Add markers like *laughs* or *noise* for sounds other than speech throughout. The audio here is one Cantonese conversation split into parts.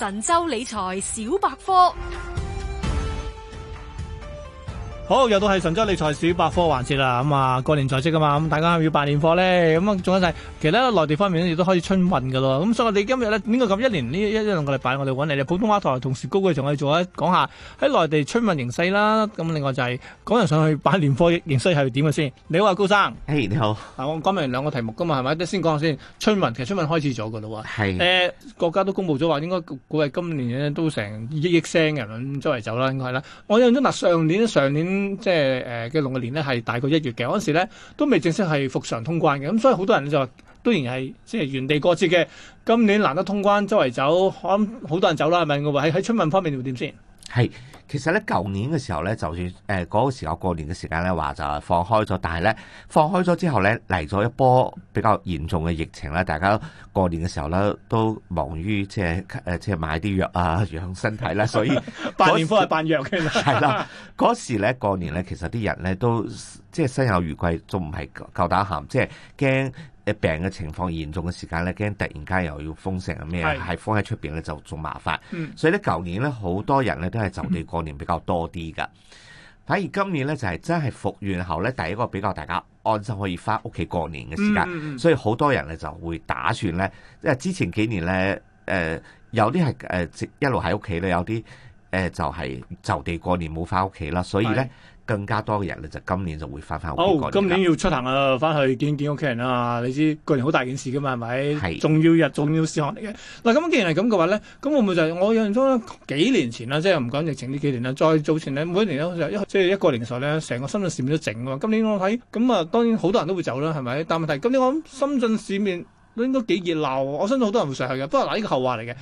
神州理財小百科。好，又到係神州理財小百科環節啦，咁、嗯、啊過年在即噶嘛，咁大家係咪要辦年貨咧？咁啊仲有就係其實內地方面咧亦都開始春運噶咯，咁所以我哋今日咧應該咁一年呢一兩個禮拜我哋揾你哋普通話台同事高炬仲可以做一講下喺內地春運形勢啦，咁另外就係講人上去辦年貨形勢係點嘅先？你好啊高生，hey, 你好，啊我講明兩個題目噶嘛，係咪？都先講下先，春運其實春運開始咗噶咯，係、欸，誒國家都公布咗話應該估計今年都成億億聲人周圍走啦，應該係啦，我有咗嗱上年上年。上年上年上年嗯、即係誒嘅農曆年咧係大概一月嘅，嗰陣時咧都未正式係復常通關嘅，咁、嗯、所以好多人就當然係即係原地過節嘅。今年難得通關周圍走，我諗好多人走啦，係咪㗎喎？喺喺春運方面會點先？係，其實咧舊年嘅時候咧，就算誒嗰、呃那個時候過年嘅時間咧，話就放開咗，但係咧放開咗之後咧，嚟咗一波比較嚴重嘅疫情啦，大家過年嘅時候咧都忙於即係誒即係買啲藥啊，養身體啦，所以辦 *laughs* 年貨係辦藥嘅， *laughs* 係啦，嗰時咧過年咧，其實啲人咧都即係身有餘悸，仲唔係夠膽喊，即係驚。病嘅情況嚴重嘅時間咧，驚突然間又要封城啊咩，係是封喺出邊咧就仲麻煩。嗯、所以咧，舊年咧好多人咧都係就地過年比較多啲噶，嗯、反而今年咧就係真係復原後咧，第一個比較大家安心可以返屋企過年嘅時間，嗯、所以好多人咧就會打算咧，因為之前幾年咧，誒有啲係誒一路喺屋企咧，有啲誒、呃、就係就地過年冇返屋企啦，所以咧。更加多嘅人咧，就今年就會翻翻屋企過年。今年要出行啊，翻去見見屋企人啊！你知過年好大件事嘅嘛，係咪？係是重要日，重要事項嚟嘅。嗱，咁既然係咁嘅話咧，咁會唔會就係、是、我印象中咧，幾年前啦，即係唔講疫情呢幾年啦，再早前咧，每年一年都即係一個年曆咧，成個深圳市面都靜㗎嘛。今年我睇，咁啊當然好多人都會走啦，係咪？但問題，咁你講深圳市面？應該幾熱鬧，我相信好多人會上去嘅。不過嗱，呢個後話嚟嘅。誒、啊，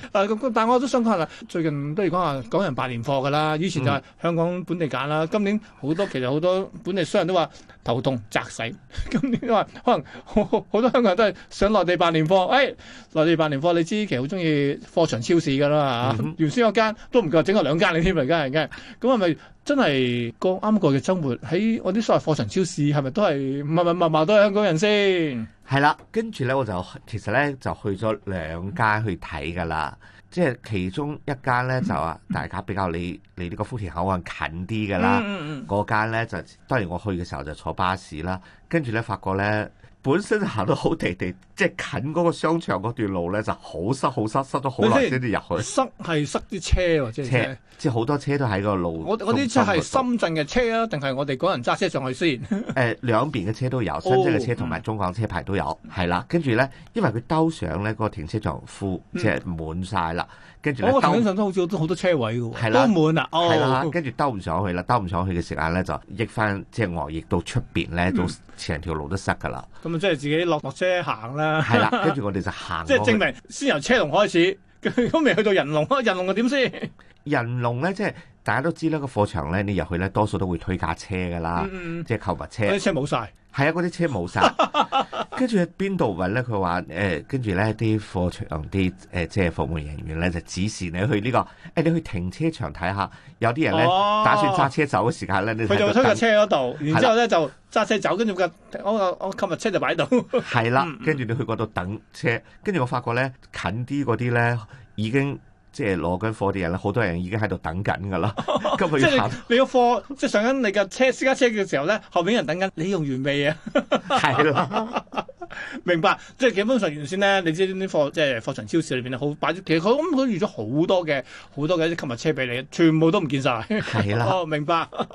但係我都想講下啦。最近不如講下港人辦年貨嘅啦。以前就係香港本地揀啦。嗯、今年好多其實好多本地商人都話頭痛砸死。 *laughs* 今年都話可能好多香港人都係上內地辦年貨。誒、哎，內地辦年貨，你知其實好鍾意貨場超市嘅啦、嗯啊、原先嗰間都唔夠，整個兩間添，兩、嗯啊、間嘅。咁係咪真係剛啱過嘅生活？喺我啲所謂貨場超市係咪都係唔係唔唔都係香港人先？係啦，跟住咧我就其實咧就去咗兩間去睇噶啦，即係其中一間咧就啊，大家比較你離呢個福田口岸近啲㗎啦，嗰間咧就當然我去嘅時候就坐巴士啦，跟住咧發覺咧。本身行到好地地，即係近嗰個商場嗰段路咧，就好塞，好塞，塞到好耐先至入去。塞係塞啲車、啊、車，車即係是即係好多車都喺個路。我啲車係深圳嘅車啊，定係我哋嗰人揸車上去先？誒、 *laughs* 呃，兩邊嘅車都有，深圳嘅車同埋中港車牌都有，係啦、哦。跟住咧，因為佢兜上咧，嗰、那個停車場副即係滿晒啦。嗯跟住咧，我上都好似都好多車位嘅，啊、都滿啦、啊。係、oh, 啦、啊，跟住兜唔上去啦，兜唔上去嘅時間咧就益翻，即、就、係、是、外溢到出邊咧都成條路都塞噶啦。咁啊，即係自己落落車行啦。係啦，跟住我哋就行。即係證明先由車龍開始， *laughs* 都未去到人龍。人龍嘅點先？人龍咧，即係、就是、大家都知啦。個貨場咧，你入去咧，多數都會推架車噶啦，嗯、即係購物車。嗰啲車冇晒。係啊，嗰啲車冇晒。跟住喺邊度揾咧？佢話誒，跟住咧啲貨場啲誒，即係服務人員咧就指示你去呢個，誒，你去停車場睇下，有啲人咧、哦、打算揸車走嘅時間咧，你去、哦、就推架車嗰度，然之後咧就揸車走，跟住個我個我購物車就擺度。係啦，跟住你去嗰度等車，跟住我發覺咧近啲嗰啲咧已經。即係攞緊貨啲人咧，好多人已經喺度等緊噶啦。今個月 *laughs* 你個貨即係上緊你架車私家車嘅時候咧，後邊人等緊。你用完未啊？係啦，明白。即係基本上原先咧，你知啲貨即係貨場超市裏邊咧，好擺咗。其實佢咁，佢預咗好多嘅好多嘅一啲購物車俾你，全部都唔見晒。係啦，哦，明白 *laughs* 好。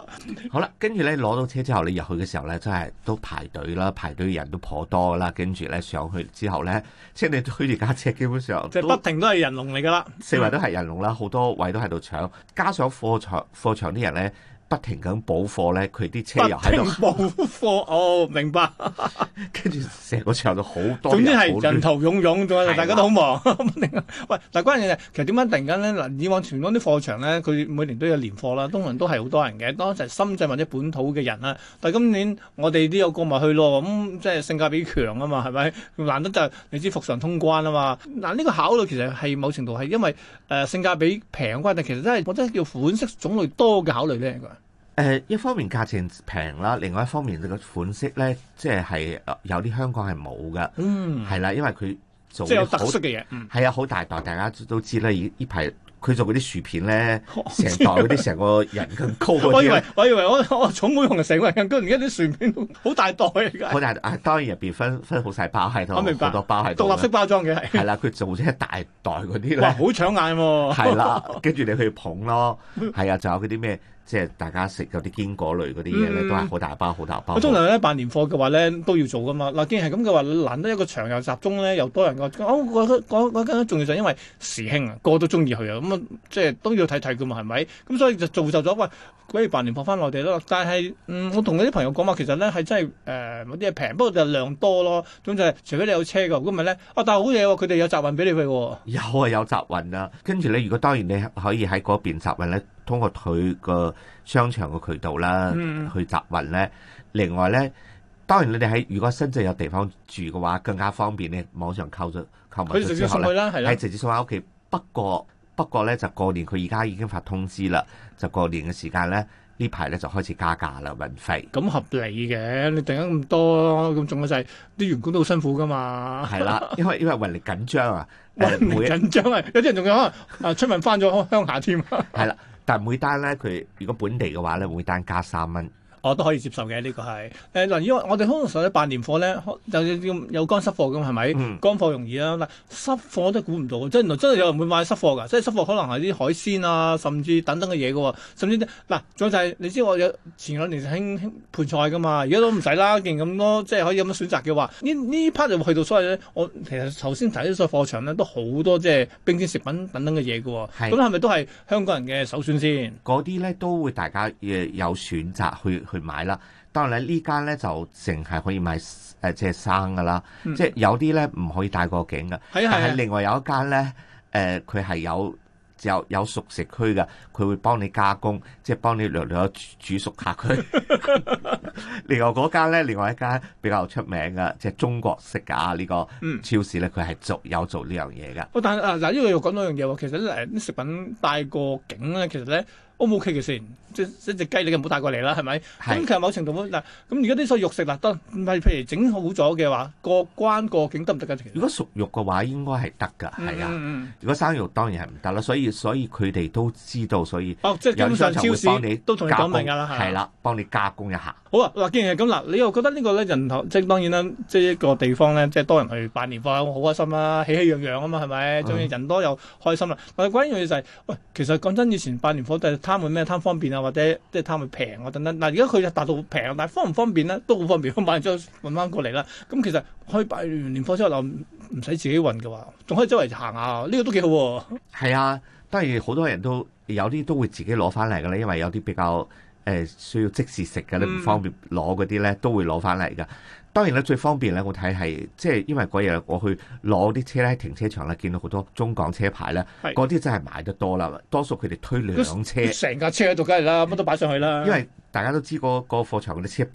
好啦，跟住咧攞到車之後，你入去嘅時候咧，真係都排隊啦，排隊人都頗多啦。跟住咧上去之後咧，即係你推住架車，基本上即係不停都係人龍嚟噶啦。都係人龍啦，好多位都喺度搶，加上貨場貨場啲人咧。不停咁補貨咧，佢啲車又喺度。不停補貨，哦，明白。跟住成個時候都好多。總之係人頭湧湧咗，大家都好忙。喂吧， *laughs* 但關鍵就其實點解突然間咧？嗱，以往全港啲貨場咧，佢每年都有年貨啦，東雲都係好多人嘅。當時深圳或者本土嘅人啦，但係今年我哋都有過埋去咯，咁、嗯、即係性價比強啊嘛，係咪？難得就係、是、你知復常通關啊嘛。嗱，呢個考慮其實係某程度係因為誒、呃、性價比平嘅關係，但其實真、就、係、是、我真係叫款式種類多嘅考慮咧。誒一方面價錢平啦，另外一方面佢個款式咧，即係有啲香港係冇㗎，係啦，因為佢做即係有特色嘅嘢，係啊，好大袋，大家都知啦。呢排佢做嗰啲薯片咧，成袋嗰啲成個人咁高。我以為我以為我草莓慶可成個人咁高，而家啲薯片好大袋啊！好大啊！當然入邊分分好細包喺度，好多包喺獨立式包裝嘅係。係啦，佢做咗一大袋嗰啲咧，好搶眼喎！係啦，跟住你去捧咯，係啊，仲有嗰啲咩？即係大家食嗰啲堅果類嗰啲嘢咧，都係好大包，好、嗯、大包。通常咧辦年貨嘅話咧都要做噶嘛。嗱，既然係咁嘅話，難得一個長又集中咧，又多人個、哦。我講講講緊重要就係因為時興啊，個個都中意去啊，咁、嗯、啊，即係都要睇睇噶嘛，係咪？咁、嗯、所以就造就咗喂，不如辦年貨翻內地咯。但係嗯，我同嗰啲朋友講話，其實咧係真係誒，嗰啲嘢平，不過就量多咯。總之，除非你有車嘅，如果唔係咧，啊，但係好嘢喎、哦，佢哋有集運俾你嘅、哦。有啊，有集運啊。跟住你如果當然你可以喺嗰邊集運咧。通過佢個商場嘅渠道啦，去集運咧。嗯、另外咧，當然你哋喺如果深圳有地方住嘅話，更加方便咧。你網上購咗購物，佢直接送去啦，係的的直接送喺屋企。不過不過咧，就過年佢而家已經發通知啦，就過年嘅時間咧，呢排咧就開始加價啦，運費。咁合理嘅，你訂咗咁多咁仲就係啲員工都好辛苦噶嘛。係 *laughs* 啦，因為因為運力緊張啊，運力緊張啊，有啲人仲有，可能啊出門翻咗鄉下添。係 *laughs* 啦。但每單呢，佢如果本地嘅話呢，每單加三蚊。我、哦、都可以接受嘅，呢、這個係誒嗱，因為我哋通常上咧辦年貨咧，就有有乾濕貨咁係咪？乾、嗯、貨容易啦、啊，嗱濕貨我都估唔到，即真係有人會買濕貨㗎，即係濕貨可能係啲海鮮啊，甚至等等嘅嘢嘅喎，甚至啲嗱再就係、是、你知我有前兩年興興盆菜㗎嘛，而家都唔使啦，勁咁多即係可以咁樣選擇嘅話，呢呢 part 就去到所謂咧，我其實頭先提啲所貨場咧都好多即係冰鮮食品等等嘅嘢嘅喎，咁係咪都係香港人嘅首選先？嗰啲咧都會大家有選擇去。去去買啦，當然咧呢間咧就淨係可以買誒即係生噶啦，即係、嗯、有啲咧唔可以帶過境噶，啊、但係另外有一間咧誒佢係有有有熟食區噶，佢會幫你加工，即係幫你略略煮熟下佢。 *laughs* *laughs* 另外嗰間咧，另外一間比較出名嘅即係中國式噶呢、呢個超市咧，佢係做有做呢樣嘢噶。但係嗱，呢度要講多樣嘢喎，其實誒啲食品帶過境咧，其實咧 O 唔 OK 嘅先？即一隻雞，你又唔好帶過嚟啦，係咪？咁其實某程度嗱，咁而家啲所有肉食嗱，當、啊、譬如整好咗嘅話，過關過境得唔得噶？如果熟肉嘅話，應該係得噶，係、嗯、啊。嗯、如果生肉當然係唔得啦。所以所以佢哋都知道，所以、啊、有商場會幫你、哦、都同你講明噶啦，係啦、啊，幫你加工一下。嗯、好啊，嗱，既然係咁嗱，你又覺得呢個咧人頭，即當然啦，即一個地方咧，即，即多人去辦年貨好開心啦、啊，喜氣洋洋啊嘛，係咪？仲要人多又開心啦。但係關鍵嘅嘢就係，喂，其實講真，以前辦年貨都係貪佢咩？貪方便啊！或者即係貪佢平啊等等。嗱，而家佢就達到平，但係方唔方便咧？都好方便，我買完之後運翻過嚟啦。咁其實可以擺完年貨之後，唔唔使自己運嘅話，仲可以周圍行下，呢、呢個都幾好。係啊，當然好多人都有啲都會自己攞翻嚟嘅啦，因為有啲比較誒需要即時食嘅咧，唔方便攞嗰啲咧，都會攞翻嚟嘅。嗯當然咧，最方便咧，我睇係即係，因為嗰日我去攞啲車咧，喺停車場咧，見到好多中港車牌咧，嗰啲真係買得多啦，多數佢哋推兩車，成架車喺度，梗係啦，乜都擺上去啦。因為大家都知個、那個貨場嗰啲車，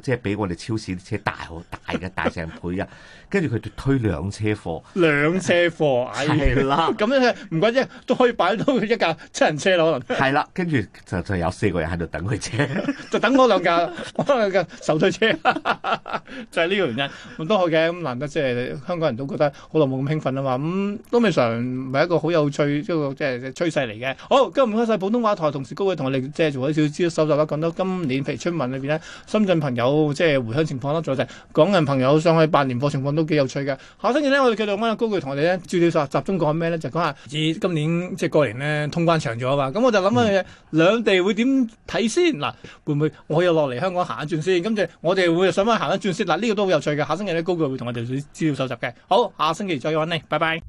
即係比我哋超市啲車大好大嘅，大成倍啊！跟住佢推兩車貨， *laughs* 兩車貨，係、哎、啦，咁咧唔怪之都可以擺到佢一架七人車咯。可能係啦，跟住就就有四個人喺度等佢車， *laughs* 就等嗰兩架，嗰兩架 *laughs* 手推車， *laughs* 就係呢個原因。都好嘅，咁難得即、就、係、是、香港人都覺得好耐冇咁興奮啊嘛。咁、嗯、都未嘗係一個好有趣、就是、一個即係、就是、趨勢嚟嘅。好，今日唔該晒，普通話台同事高炬同我哋即係做咗少少蒐集得咁多。今年譬如春運裏邊咧，深圳朋友即係回鄉情況啦，仲有就係港人朋友上去辦年貨情況都幾有趣嘅。下星期咧，我哋繼續問下高炬同我哋咧，資料集集中講咩咧？就講、是、下今年即係過年咧，通關長咗嘛。咁我就諗下嘢，嗯、兩地會點睇先？嗱，會唔會我又落嚟香港行一轉先？跟住我哋會上返行一轉先。嗱，呢、這個都好有趣嘅。下星期咧，高炬會同我哋做資料搜集嘅。好，下星期再揾你，拜拜。